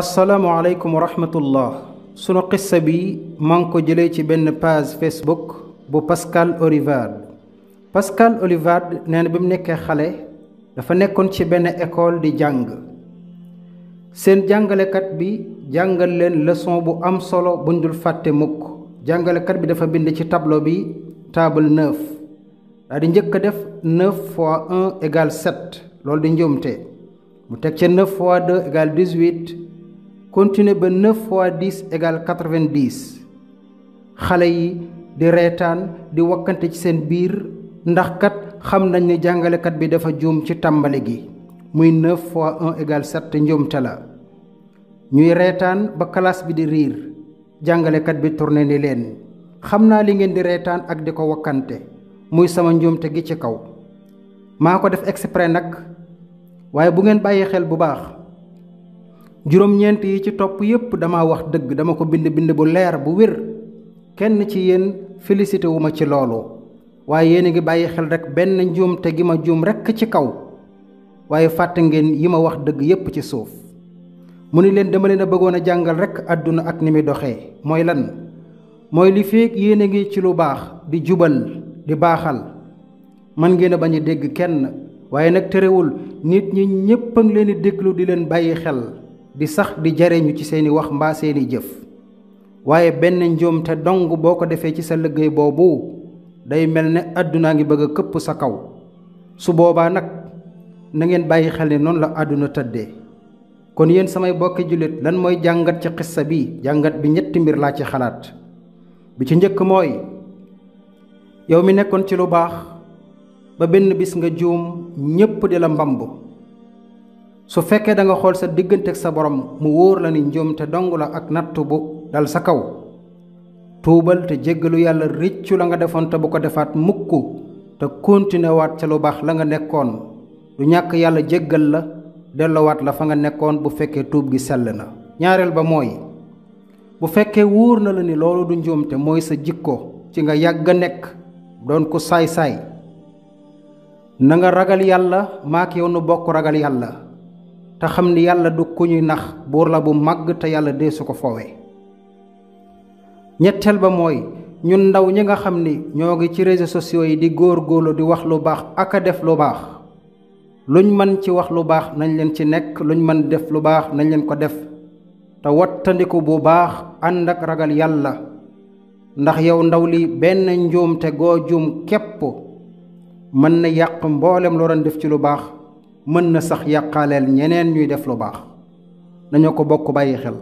asalaamaaleykum wa rahmatullah sunu xissa bi maa ngi ko jëlee ci benn page facebook bu Pascal Olivard Pascal Olivard nee na bi mu nekkee xale dafa nekkoon ci benn école di jàng seen jàngalekat bi jàngal leen leçon bu am solo buñ dul fàtte mukk jàngalekat bi dafa bind ci tableau bi table 9 daa di njëkk a def 9 fois 1 égale 7 loolu di njuumte mu teg ca 9 fois 2 égale 18 continuer ba 9 fois 10 égale 90 xale yi di reetaan di wakkante ci seen biir ndax kat xam nañ ne jàngalekat bi dafa juum ci tàmbali gi muy 9 fois 1 égale 7 njuumte la ñuy reetaan ba classe bi di riir jàngalekat bi tourné ni leen xam naa li ngeen di reetaan ak di ko wakkante muy sama njuumte gi ci kaw maa def exprès nag waaye bu ngeen bàyyi xel bu baax juróom-ñeent yi ci topp yépp dama wax dëgg dama ko bind bind bu leer bu wér kenn ci yéen félicité wu ci loolu waaye yéen a ngi bàyyi xel rek benn njuum te gi ma juum rekk ci kaw waaye fàtte ngeen yi ma wax dëgg yépp ci suuf mu ni leen dama leen a bëggoon a jàngal rekk àdduna ak ni muy doxee mooy lan mooy li feek yéen a ngi ci lu baax bi jubal di baaxal man ngeen a bañ a dégg kenn waaye nag terewul nit ñi ñépp a leen di déglu di leen bàyyi xel di sax di jariñu ci seeni wax mbaa seeni jëf waaye benn njuum te dong boo ko defee ci sa liggéey boobu day mel ne àddunaa ngi bëgg a këpp sa kaw su boobaa nag na ngeen bàyyi xel ne noonu la àdduna tëddee kon yéen samay bokki julit lan mooy jàngat ci xissa bi jàngat bi ñetti mbir laa ci xalaat bi ci njëkk mooy yow mi nekkoon ci lu baax ba benn bis nga juum ñépp di la mbamb su fekkee da nga digentek sa digganteeg sa borom mu wóor la ni te dong la ak nattu bu dal sa kaw te jéggalu yalla rëccu la nga defoon te bu ko defaat te continué waat ca lu baax la nga nekkoon du ñàkk yàlla jéggal la dellowaat la fa nga nekkoon bu fekkee tub gi sell na ba moy. bu fekkee wóor na la ni loolu du njuumte mooy sa jikko ci nga yàgg a nekk doon ko saay-saay na nga ragal yàlla yow nu ragal te xam ni yàlla du ku ñuy nax buur la bu màgg te yàlla dee su ko foowee ñetteel ba mooy ñun ndaw ñi nga xam ni ñoo ngi ci réseaux sociaux yi di góor-góorlu di wax lu baax ak def lu baax luñ mën ci wax lu baax nañ leen ci nekk luñ mën def lu baax nañ leen ko def te wattandiku bu baax ànd ak ragal yàlla ndax yow ndaw li benn njuum te goo juum képp mën na yàq mboolem loo doon def ci lu baax mën na sax yàqaaleel ñeneen ñuy def lu baax nañu ko bokk bàyyi xel